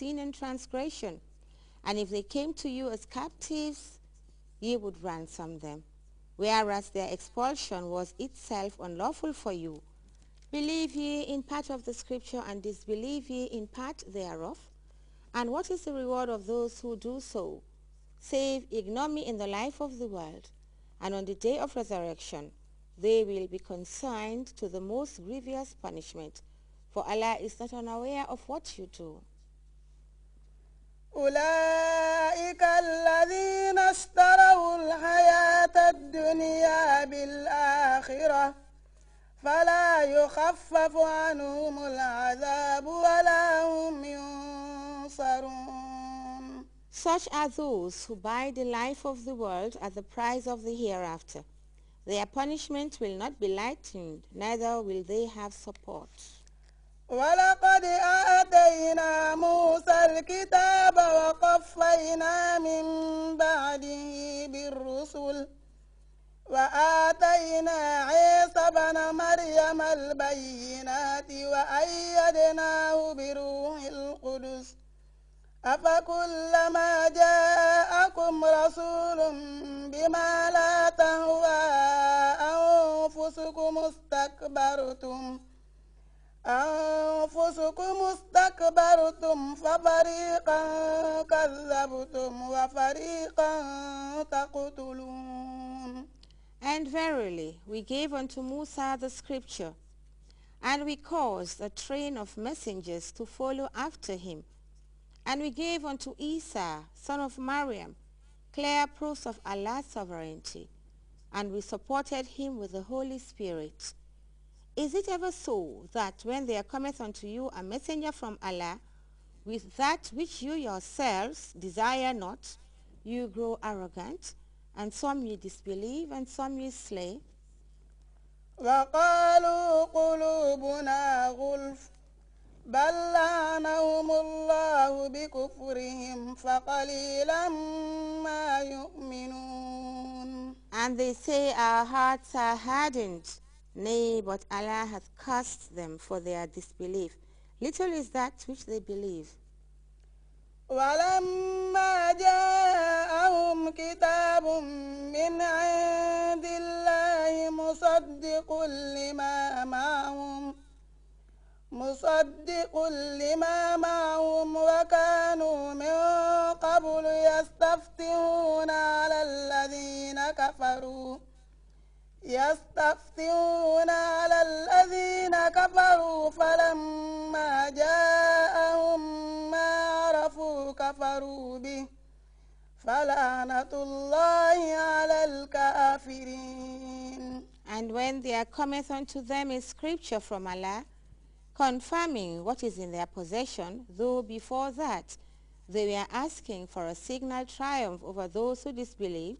sin and transgression. And if they came to you as captives, ye would ransom them. Whereas their expulsion was itself unlawful for you. Believe ye in part of the scripture and disbelieve ye in part thereof. And what is the reward of those who do so? Save ignominy in the life of the world, and on the day of resurrection they will be consigned to the most grievous punishment, for Allah is not unaware of what you do. أولئك الذين اشتروا الحياة الدنيا بالآخرة فلا يخفف عنهم العذاب ولا هم ينصرون Such are those who buy the life of the world at the price of the hereafter. Their punishment will not be lightened, neither will they have support. ولقد آتينا موسى الكتاب وقفينا من بعده بالرسل وآتينا عيسى بن مريم البينات وأيدناه بروح القدس أفكلما جاءكم رسول بما لا تهوى أنفسكم استكبرتم أنفسكم استكبرتم ففريقا كذبتم وفريقا تقتلون And verily we gave unto Musa the scripture And we caused a train of messengers to follow after him. And we gave unto Isa, son of Mariam, clear proofs of Allah's sovereignty. And we supported him with the Holy Spirit. Is it ever so that when there cometh unto you a messenger from Allah with that which you yourselves desire not, you grow arrogant, and some you disbelieve, and some you slay? وقالوا قلوبنا غلف بل لعنهم الله بكفرهم فقليلا ما يؤمنون And they say our hearts are hardened Nay, but Allah hath cursed them for their disbelief. Little is that which they believe. ولما جاءهم كتاب من عند الله مصدق لما معهم مصدق لما معهم وكانوا من قبل يستفتحون على الذين كفروا يستفتون على الذين كفروا فلما جاءهم ما عرفوا كفروا به فلعنة الله على الكافرين And when there cometh unto them a scripture from Allah, confirming what is in their possession, though before that they were asking for a signal triumph over those who disbelieved,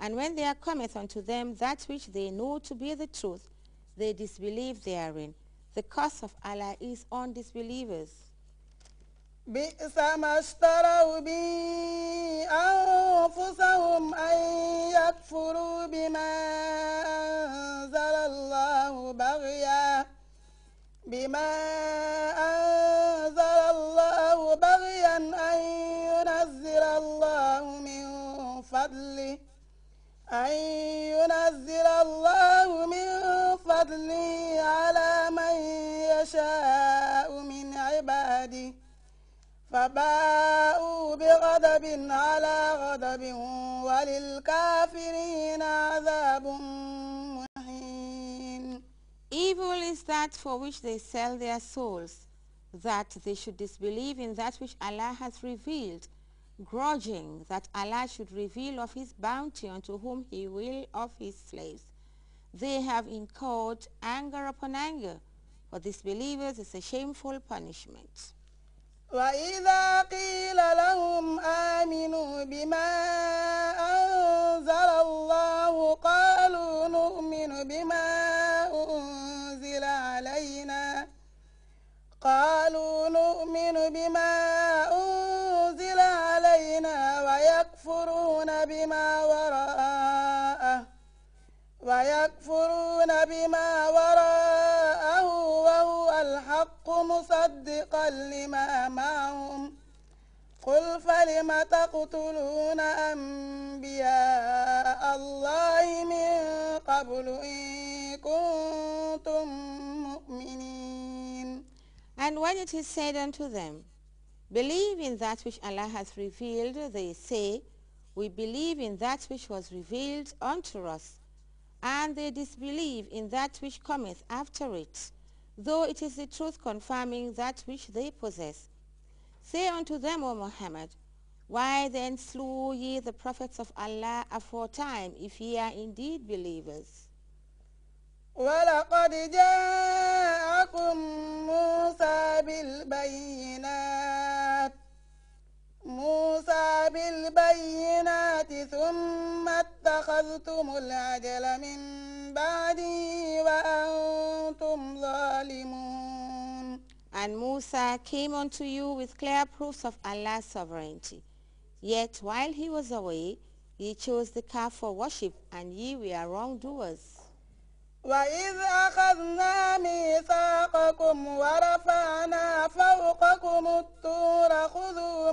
and when there cometh unto them that which they know to be the truth, they disbelieve therein. The curse of Allah is on disbelievers. بئس ما اشتروا به أنفسهم أن يكفروا بما أنزل الله بغيا بما أنزل الله بغيا أن ينزل الله من فضله أن ينزل الله من فضله على من يشاء من عباده فباءوا بغضب على غضب وللكافرين عذاب مهين Evil is that for which they sell their souls, that they should disbelieve in that which Allah has revealed, grudging that Allah should reveal of his bounty unto whom he will of his slaves. They have incurred anger upon anger. For disbelievers is a shameful punishment. وَإِذَا قِيلَ لَهُمْ آمِنُوا بِمَا أَنزَلَ اللَّهُ قَالُوا نُؤْمِنُ بِمَا أُنزِلَ عَلَيْنَا قَالُوا نُؤْمِنُ ما وراءه وهو الحق مصدقا لما معهم قل فلم تقتلون أنبياء الله من قبل إن كنتم مؤمنين And when it is said unto them, Believe in that which Allah hath revealed, they say, We believe in that which was revealed unto us and they disbelieve in that which cometh after it, though it is the truth confirming that which they possess. Say unto them, O Muhammad, Why then slew ye the prophets of Allah aforetime, if ye are indeed believers? ولقد جاءكم موسى بالبين العجل من بعدي وأنتم ظالمون And Musa came unto you with clear proofs of Allah's sovereignty. Yet while he was away, ye chose the calf for worship, and ye were wrongdoers. وإذ أخذنا ميثاقكم ورفعنا فوقكم الطور خذوا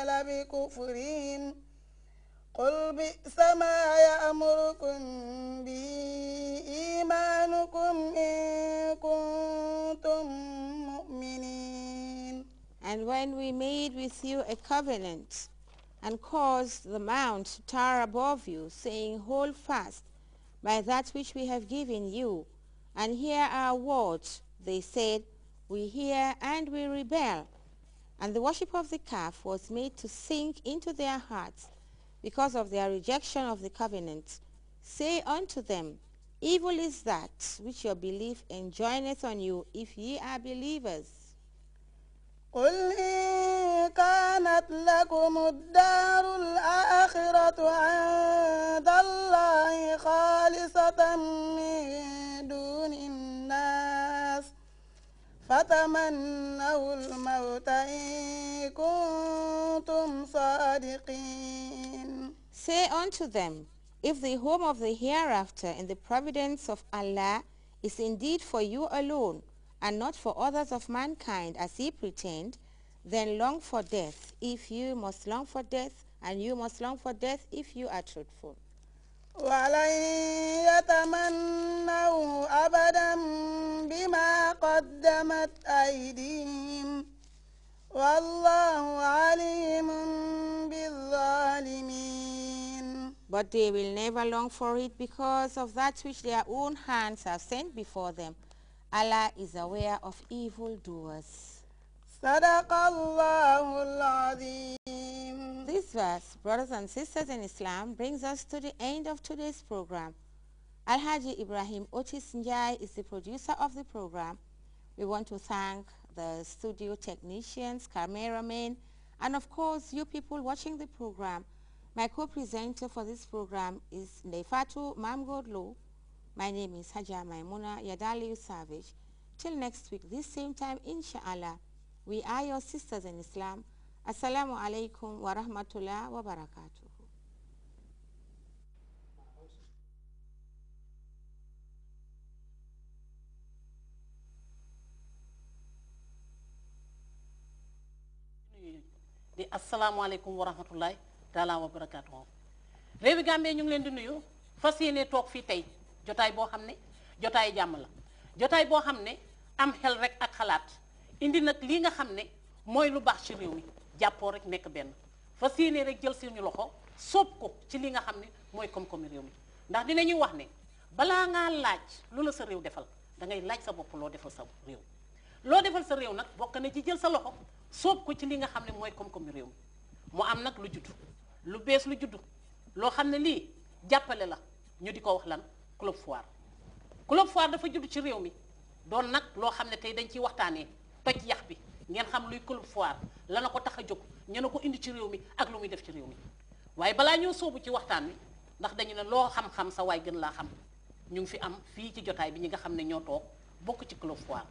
بدل بكفرهم قل بئس ما يأمركم به إيمانكم إن كنتم مؤمنين And when we made with you a covenant and caused the mount to tower above you, saying, Hold fast by that which we have given you, and hear our words, they said, We hear and we rebel. And the worship of the calf was made to sink into their hearts because of their rejection of the covenant. Say unto them, Evil is that which your belief enjoineth on you, if ye are believers. قل إن كانت لكم الدار الآخرة عند الله خالصة من فتمنوا الموت إن كنتم صادقين Say unto them, if the home of the hereafter in the providence of Allah is indeed for you alone and not for others of mankind as ye pretend, then long for death if you must long for death and you must long for death if you are truthful. بما قدمت أيديهم والله عليم بالظالمين But they will never long for it because of that which their own hands have sent before them. Allah is aware of evildoers. صدق الله العظيم This verse, brothers and sisters in Islam, brings us to the end of today's program. Alhaji Ibrahim Otis Njai is the producer of the program. We want to thank the studio technicians, cameramen, and of course you people watching the program. My co-presenter for this program is Nefatu Mamgodlo. My name is Haja Maimuna Yadaliu Savage. Till next week, this same time, inshallah, we are your sisters in Islam. Assalamu alaikum wa rahmatullah wa barakatuh. di asalaamaaleykum wa rahmatullahi taala wa barakaatuhu réewi Gambie ñu ngi leen di nuyu fas yéene toog fii tey jotaay boo xam ne jotaay jàmm la jotaay boo xam ne am xel rek ak xalaat indi nag lii nga xam ne mooy lu baax ci réew mi jàppoo rek nekk benn fas yéene rek jël suñu loxo soob ko ci li nga xam ne mooy koom-koomi réew mi ndax dina dinañuy wax ne balaa ngaa laaj lu la sa réew defal da ngay laaj sa bopp loo defal sa réew loo defal sa réew nag bokk na ci jël sa loxo soob ko ci li nga xam ne mooy koom-koomu réew mi mu am nag lu judd lu bees lu judd loo xam ne lii jàppale la ñu di ko wax lan club foire club foire dafa judd ci réew mi doon nag loo xam ne tey dañ ciy waxtaanee toj yax bi ngeen xam luy club foire la ko tax a jóg ñu ne ko indi ci réew mi ak lu muy def ci réew mi waaye balaa ñoo soobu ci waxtaan wi ndax dañu ne loo xam sa waay gën laa xam ñu ngi fi am fii ci jotaay bi ñi nga xam ne ñoo toog bokk ci club foire